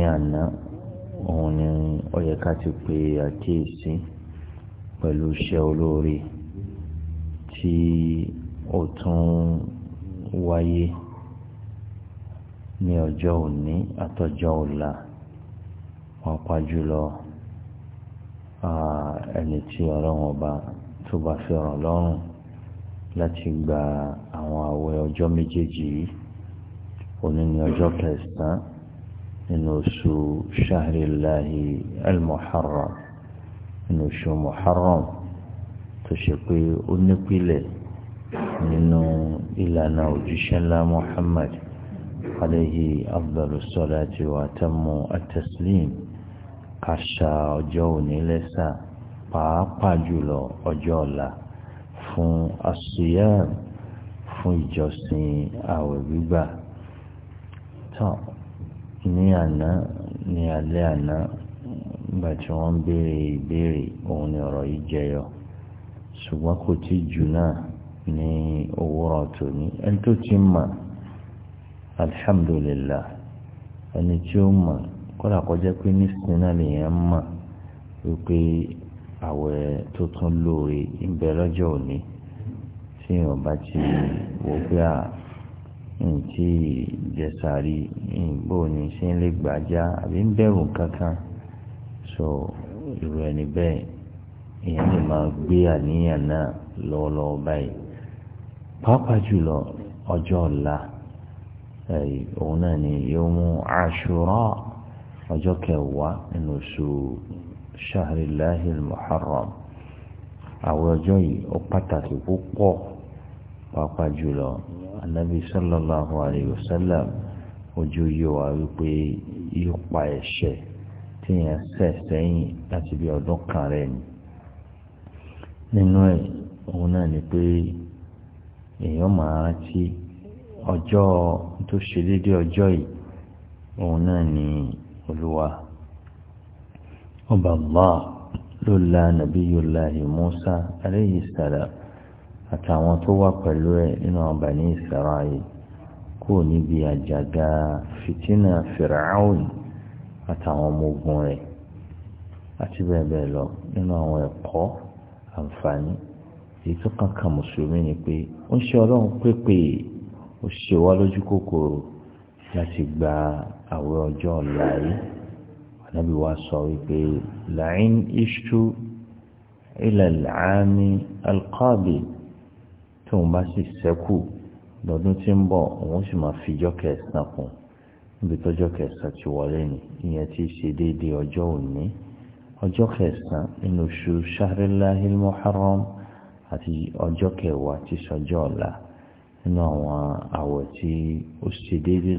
ní àná òun ni ó yẹ ká ti pe àkíyèsí pẹ̀lú iṣẹ́ olóore tí ó tún wáyé ní ọjọ́ òní àtọjọ́ ọ̀la pàápàá jùlọ ẹni tí ọlọ́run ọba tó bá fi ràn lọ́rùn láti gba àwọn àwẹ̀ ọjọ́ méjèèjì yìí òní ní ọjọ́ kẹsàn-án nínú oṣù shahrilahi al-muharram nínú oṣù muharram tó ṣe pé ó nípìlẹ̀ nínú ìlànà òjíṣẹ́ ńlá muhammad alayhi afdalu salati wa tamu at-taslim kàṣà ọjọ́ òní lẹ́sà pàápàá jùlọ ọjọ́ ọ̀la fún asiyam fún ìjọsìn àwẹ̀ gbígbà tán ní àná ní alẹ́ àná nígbà tí wọ́n béèrè ìbéèrè òun ni ọ̀rọ̀ yìí jẹyọ ṣùgbọ́n kò tí jù náà ní òwúrọ̀ tòní ẹni tó ti mọ̀ alihamudulilá ẹni tí ó mọ̀ kọ́dà kọjá pé nísìnyí náà lèèyàn mọ̀ wípé àwẹ̀ tó tún lóore ń bẹ lọ́jọ́ òní tí èèyàn bá ti wò à ntí jẹsàrí ìbò ní ṣe ń lè gbàjá àbí ń bẹ̀rù kankan so irú ẹni bẹ́ẹ̀ èèyàn lè máa gbé àníyàn náà lọ́wọ́lọ́wọ́ báyìí pàápàá jùlọ ọjọ́ ọ̀la òun náà ni yóò mú Ashura ọjọ́ kẹwàá nínú oṣù Shahrillahi al-Muharram àwọn ọjọ́ yìí ó pàtàkì púpọ̀. pàápàá jùlọ anabi sallallahu alayhi wa sallam ojú yóò wípé pa ẹ̀ṣẹ̀ tíyẹn ṣẹ̀ sẹ́yìn láti bí ọdún kan rẹ̀ ni nínú ẹ̀ òun náà ni pé èèyàn máa rántí ọjọ́ tó ṣe déédéé ọjọ́ yìí òun náà ni olúwa ọba allah ló la nàbí yóò la Musa alayhi àtàwọn tó wà pẹ̀lú ẹ̀ nínú àwọn Bani Isra'il kò níbi àjàgà fìtínà Fir'aun àtàwọn ọmọ ogun rẹ̀ àti bẹ́ẹ̀ bẹ́ẹ̀ lọ nínú àwọn ẹ̀kọ́ àǹfààní èyí tó kankan mùsùlùmí ni pé ó ń ṣe ọlọ́run pépè ó ṣe wá lójú kòkòrò láti gba àwẹ̀ ọjọ́ ọ̀la yìí wa sọ wípé la'in ishtu ila al-aami tí òun bá sì ṣẹ́kù lọ́dún tí ń bọ̀ òun sì máa fi ijọ́ kẹsàn-án níbi tọ́jọ́ kẹsàn-án ti wọlé ni ìyẹn ti ṣe déédéé ọjọ́ òní ọjọ́ kẹsàn-án nínú oṣù shahrilahil muharram àti ọjọ́ kẹwàá ti sọjọ́ ọ̀la nínú àwọn àwọ̀ tí ó ṣe déédéé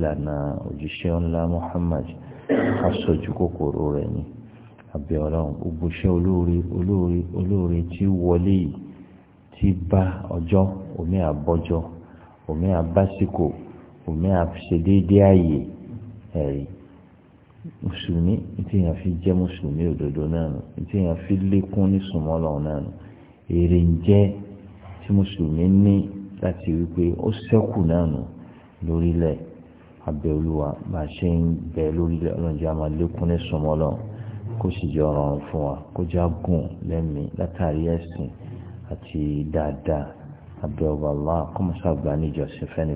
òjíṣẹ́ ńlá Muhammad aṣojú kòkòrò rẹ̀ ni olóore olóore tí bá ọjọ́ omi àbọ́jọ́ omi àbásíkò omi àṣedéédé ààyè ẹ̀rí mùsùlùmí tí èèyàn fi jẹ́ mùsùlùmí òdodo náà nù tí èèyàn fi lékún ní sùnmọ́lọ́ náà nù èrè ń jẹ́ tí mùsùlùmí ní láti wípé ó sẹ́kù náà nù lórílẹ̀ abẹ́olúwa bá ṣe ń bẹ lórílẹ̀ ọlọ́njẹ́ a máa lékún ní sùnmọ́lọ́ kó sì jọ ọ̀rọ̀ fún wa kó já gùn lẹ́mìí látàrí ẹ̀sìn àti dáadáa abẹ́ ọba allah kọ́mọ́sá gbà